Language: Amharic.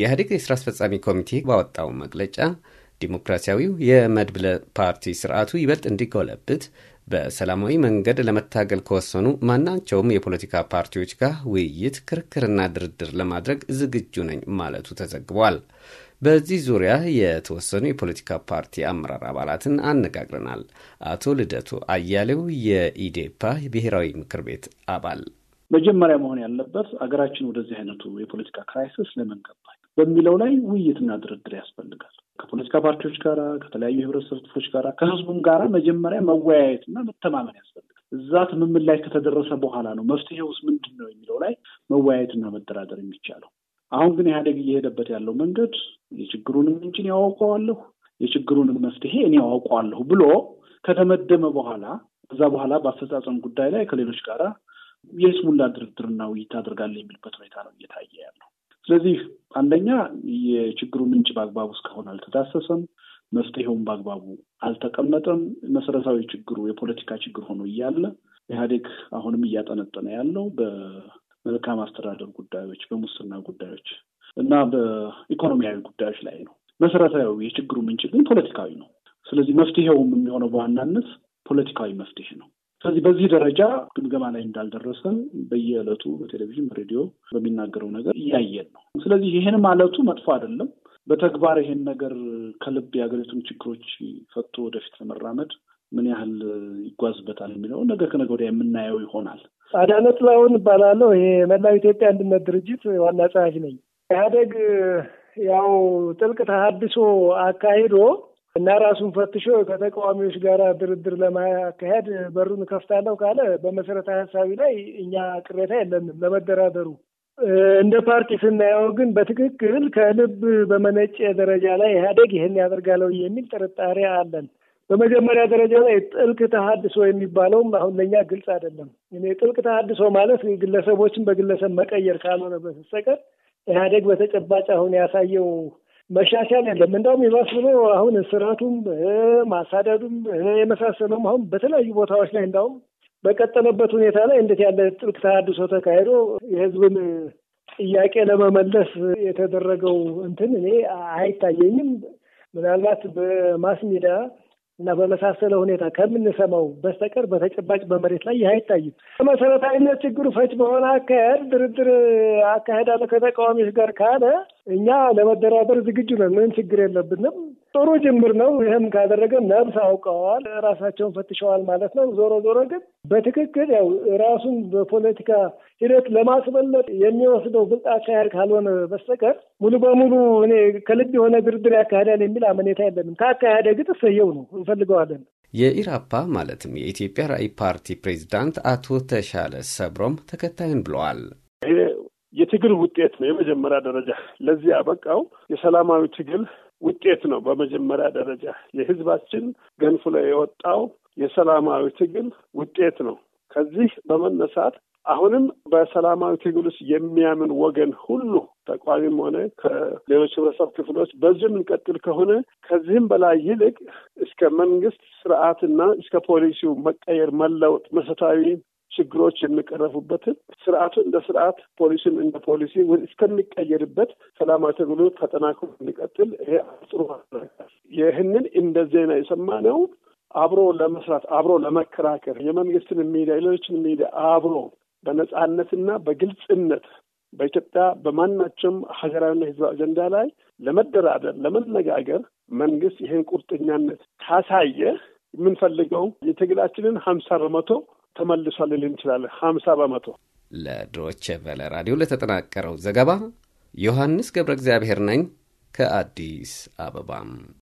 የኢህአዴግ የስራ አስፈጻሚ ኮሚቴ ባወጣው መግለጫ ዲሞክራሲያዊው የመድብለ ፓርቲ ስርዓቱ ይበልጥ እንዲጎለብት በሰላማዊ መንገድ ለመታገል ከወሰኑ ማናቸውም የፖለቲካ ፓርቲዎች ጋር ውይይት፣ ክርክርና ድርድር ለማድረግ ዝግጁ ነኝ ማለቱ ተዘግቧል። በዚህ ዙሪያ የተወሰኑ የፖለቲካ ፓርቲ አመራር አባላትን አነጋግረናል። አቶ ልደቱ አያሌው የኢዴፓ ብሔራዊ ምክር ቤት አባል፣ መጀመሪያ መሆን ያለበት አገራችን ወደዚህ አይነቱ የፖለቲካ ክራይሲስ ለምን በሚለው ላይ ውይይትና ድርድር ያስፈልጋል። ከፖለቲካ ፓርቲዎች ጋር፣ ከተለያዩ የህብረተሰብ ክፍሎች ጋር፣ ከህዝቡም ጋር መጀመሪያ መወያየትና መተማመን ያስፈልጋል። እዛ ትምምን ላይ ከተደረሰ በኋላ ነው መፍትሄውስ ምንድን ነው የሚለው ላይ መወያየትና መደራደር የሚቻለው። አሁን ግን ኢህአዴግ እየሄደበት ያለው መንገድ የችግሩንም ምንጭ እኔ የችግሩንም መፍትሄ እኔ አውቀዋለሁ ብሎ ከተመደመ በኋላ ከዛ በኋላ በአፈጻጸም ጉዳይ ላይ ከሌሎች ጋር የስሙላ ድርድርና ውይይት አድርጋለ የሚልበት ሁኔታ ነው እየታየ ያለው። ስለዚህ አንደኛ የችግሩ ምንጭ በአግባቡ እስካሁን አልተዳሰሰም። መፍትሄውም በአግባቡ አልተቀመጠም። መሰረታዊ ችግሩ የፖለቲካ ችግር ሆኖ እያለ ኢህአዴግ አሁንም እያጠነጠነ ያለው በመልካም አስተዳደር ጉዳዮች፣ በሙስና ጉዳዮች እና በኢኮኖሚያዊ ጉዳዮች ላይ ነው። መሰረታዊ የችግሩ ምንጭ ግን ፖለቲካዊ ነው። ስለዚህ መፍትሄውም የሚሆነው በዋናነት ፖለቲካዊ መፍትሄ ነው። ስለዚህ በዚህ ደረጃ ግምገማ ላይ እንዳልደረሰን በየዕለቱ በቴሌቪዥን በሬዲዮ በሚናገረው ነገር እያየን ነው። ስለዚህ ይህን ማለቱ መጥፎ አይደለም። በተግባር ይሄን ነገር ከልብ የሀገሪቱን ችግሮች ፈቶ ወደፊት ለመራመድ ምን ያህል ይጓዝበታል የሚለው ነገ ከነገ ወዲያ የምናየው ይሆናል። አዳነ ጥላሁን እባላለሁ። ይሄ የመላው ኢትዮጵያ አንድነት ድርጅት ዋና ጸሐፊ ነኝ። ኢህአዴግ ያው ጥልቅ ተሀድሶ አካሂዶ እና ራሱን ፈትሾ ከተቃዋሚዎች ጋር ድርድር ለማካሄድ በሩን ከፍታለሁ ካለ በመሰረታ ሀሳቢ ላይ እኛ ቅሬታ የለንም ለመደራደሩ። እንደ ፓርቲ ስናየው ግን በትክክል ከልብ በመነጨ ደረጃ ላይ ኢህአዴግ ይህን ያደርጋለው የሚል ጥርጣሬ አለን። በመጀመሪያ ደረጃ ላይ ጥልቅ ተሀድሶ የሚባለውም አሁን ለእኛ ግልጽ አይደለም። እኔ ጥልቅ ተሀድሶ ማለት ግለሰቦችን በግለሰብ መቀየር ካልሆነ በስተቀር ኢህአዴግ በተጨባጭ አሁን ያሳየው መሻሻል የለም። እንደውም ይባስ ብሎ አሁን እስራቱም ማሳደዱም የመሳሰለውም አሁን በተለያዩ ቦታዎች ላይ እንደውም በቀጠለበት ሁኔታ ላይ እንዴት ያለ ጥብቅ ተሃድሶ ተካሂዶ የህዝብን ጥያቄ ለመመለስ የተደረገው እንትን እኔ አይታየኝም። ምናልባት በማስ ሚዲያ እና በመሳሰለ ሁኔታ ከምንሰማው በስተቀር በተጨባጭ በመሬት ላይ ይህ አይታይም። መሰረታዊነት ችግሩ ፈች በሆነ አካሄድ ድርድር አካሄዳለ ከተቃዋሚዎች ጋር ካለ እኛ ለመደራደር ዝግጁ ነን። ምንም ችግር የለብንም። ጥሩ ጅምር ነው። ይህም ካደረገ ነብስ አውቀዋል፣ ራሳቸውን ፈትሸዋል ማለት ነው። ዞሮ ዞሮ ግን በትክክል ያው ራሱን በፖለቲካ ሂደት ለማስበለጥ የሚወስደው ብልጣ ካያድ ካልሆነ በስተቀር ሙሉ በሙሉ እኔ ከልብ የሆነ ድርድር ያካሄዳል የሚል አመኔታ የለንም። ከአካሄደ ግን እሰየው ነው፣ እንፈልገዋለን። የኢራፓ ማለትም የኢትዮጵያ ራዕይ ፓርቲ ፕሬዚዳንት አቶ ተሻለ ሰብሮም ተከታይን ብለዋል። የትግል ውጤት ነው። የመጀመሪያ ደረጃ ለዚህ ያበቃው የሰላማዊ ትግል ውጤት ነው። በመጀመሪያ ደረጃ የህዝባችን ገንፍሎ የወጣው የሰላማዊ ትግል ውጤት ነው። ከዚህ በመነሳት አሁንም በሰላማዊ ትግል ውስጥ የሚያምን ወገን ሁሉ ተቋሚም ሆነ ከሌሎች ህብረተሰብ ክፍሎች በዚህ የምንቀጥል ከሆነ ከዚህም በላይ ይልቅ እስከ መንግስት ስርዓትና እስከ ፖሊሲው መቀየር መለወጥ መሰረታዊ ችግሮች የሚቀረፉበትን ስርዓቱ እንደ ስርዓት ፖሊሲም እንደ ፖሊሲ እስከሚቀየርበት ሰላማዊ ትግሉ ተጠናክሮ እንዲቀጥል ይሄ አጽሩ ይህንን እንደ ዜና የሰማ ነው። አብሮ ለመስራት አብሮ ለመከራከር የመንግስትን ሚዲያ የሌሎችን ሚዲያ አብሮ በነጻነትና በግልጽነት በኢትዮጵያ በማናቸውም ሀገራዊና ህዝብ አጀንዳ ላይ ለመደራደር ለመነጋገር መንግስት ይህን ቁርጠኛነት ካሳየ የምንፈልገው የትግላችንን ሀምሳ በመቶ ተመልሷል ልን እንችላለን። ሀምሳ በመቶ ለዶይቼ ቬለ ራዲዮ ለተጠናቀረው ዘገባ ዮሐንስ ገብረ እግዚአብሔር ነኝ ከአዲስ አበባም